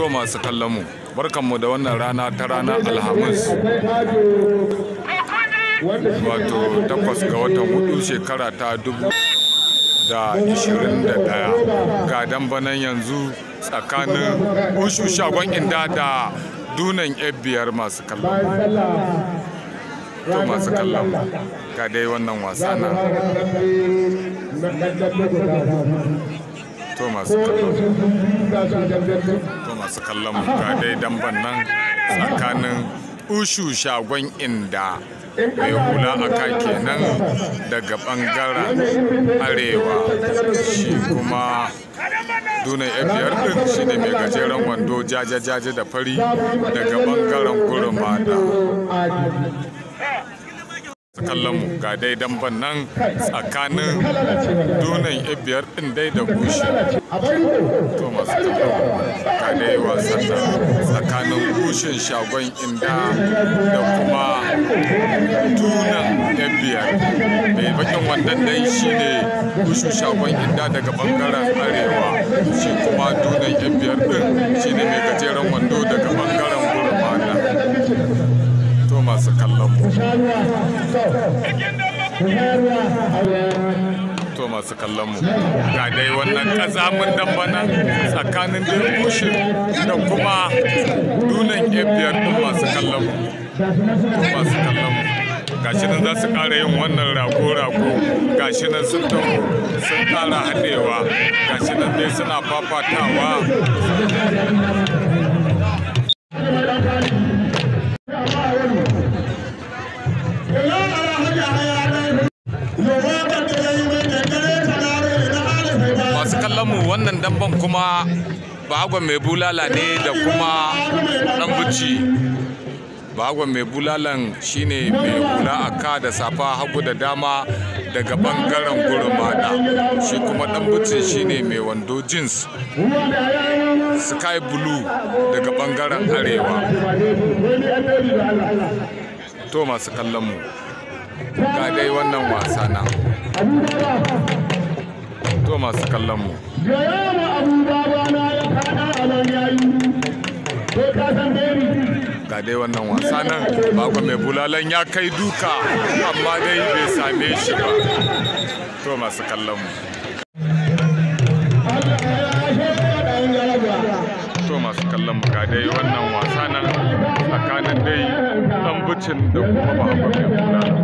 to masu kallon mu barkanmu da wannan rana ta rana alhamis wato takwas ga watan hudu shekara ta dubu da ishirin da daya ga dambanan yanzu tsakanin ushu shagon inda da dunan biyar masu kallon to masu kallon ga dai wannan wasa na to masu kallon masu kallon mu ga dai damban nan tsakanin ushu shagon inda mai hula a kenan daga bangaren arewa shi kuma duna fiyar din shi ne mai gajeren wando jaje-jaje da fari daga bangaren kurma da kallon ga dai damban nan tsakanin dunan ibiyar din dai da gushi to masu ga dai wasan da tsakanin gushin shagon inda da kuma dunan ibiyar mai bakin wannan dai shine gushin shagon inda daga bangaren arewa shi kuma dunan ibiyar din shine mai gajeren wando daga bangaren gurmana to masu kallon mu to masu kallon mu ga dai wannan kazamin dan bana tsakanin da ocean da kuma dunan ebiyar din masu kallon mu masu kallon mu gashi nan za su ƙara yin wannan rago-rago gashi nan sun taho sun ƙara haɗewa gashi nan dai suna fafatawa masu kallon mu wannan damban kuma bagon mai bulala ne da kuma dan buci bagon mai bulalan shine mai hula a ka da safa hagu da dama daga bangaren gurumada shi kuma dan buci shine mai wando jeans sky blue daga bangaren arewa to masu kallon mu ga dai wannan wasa na to masu kallon mu ga na ya a nan yayi ko ka san dai ga dai wannan wasa nan bakwa mai bulalan ya kai duka amma dai bai same shi ba to masu kallon mu to masu kallon mu ga dai wannan wasa nan tsakanin dai dan bucin da kuma bakwa mai bulalan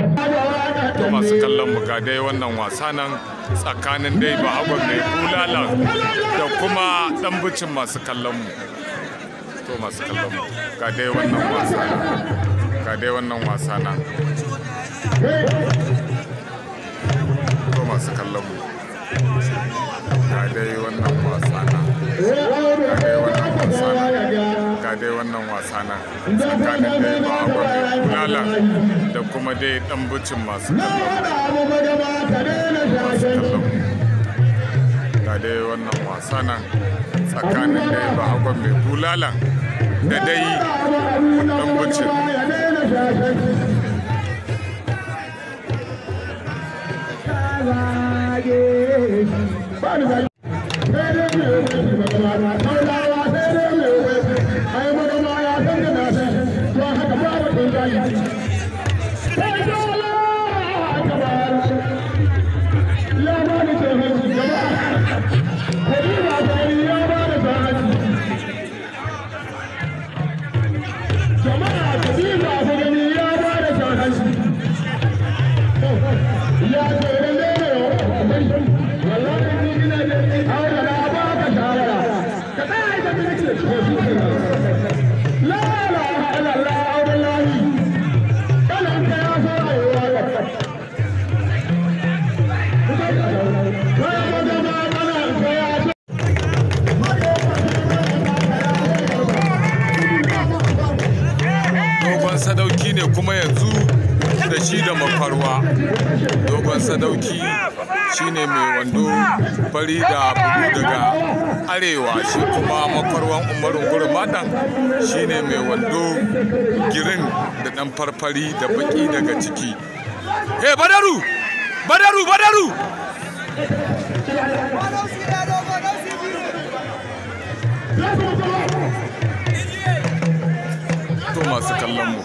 to masu kallon mu ga dai wannan wasa nan tsakanin dai ba mai bulala da kuma ɗanbucin masu kallon mu to masu kallon mu ga dai wannan wasa ga dai wannan wasa na to masu kallon mu ga dai wannan wasa na ga dai wannan wasa na ga dai wannan wasa na tsakanin dai bahagon mai bulala da kuma dai ɗanbucin masu kallon mu a wannan wasa nan tsakanin ya ba hagon mai bulala da dai ɗan bucin Thank you. dogon sadauki shine mai wando fari da bugu daga arewa shi kuma makwarwan umarin gurin shine mai wando girin da dan farfari da baki daga ciki he badaru badaru badaru to masu kallon mu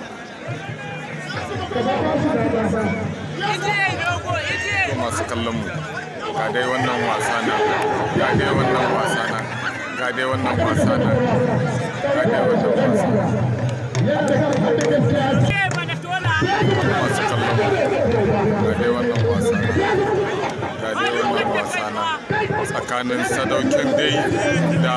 kallon mu ga dai wannan wasa na ga dai wannan wasa na ga dai wannan wasa na ga dai wannan wasa na tsakanin sadaukin dai da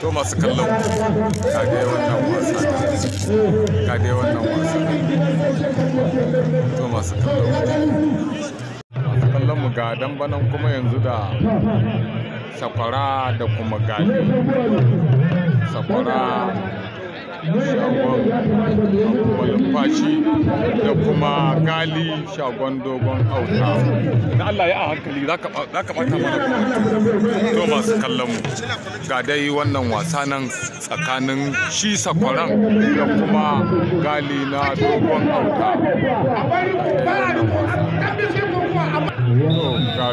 to masu kallon ka dai wannan wasa ka dai wannan wasa to masu kallon masu kallon mu ga banan kuma yanzu da sakwara da kuma gani sakwara shagon fashi da kuma gali shagon dogon auta Na Allah ya a hankali za ka bata mana to masu kallon mu ga dai wannan wasa nan tsakanin shi sakwaran da kuma gali na dogon auta ga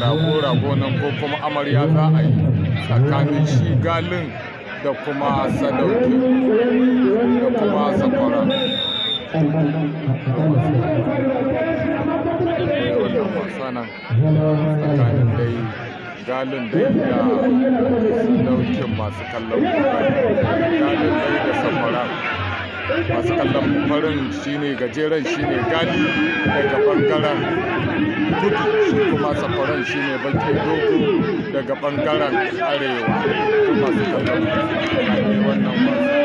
rago-rago nan ko kuma amarya za a yi tsakanin shi galin da kuma sadauki da kuma sakwara sanan tsakanin dai galin dai da sadaukin masu kallon masu kallon farin shine gajeren shine gali daga bangaren kudu shi kuma safaran shine baki dogo daga bangaren arewa masu kallon wannan wasa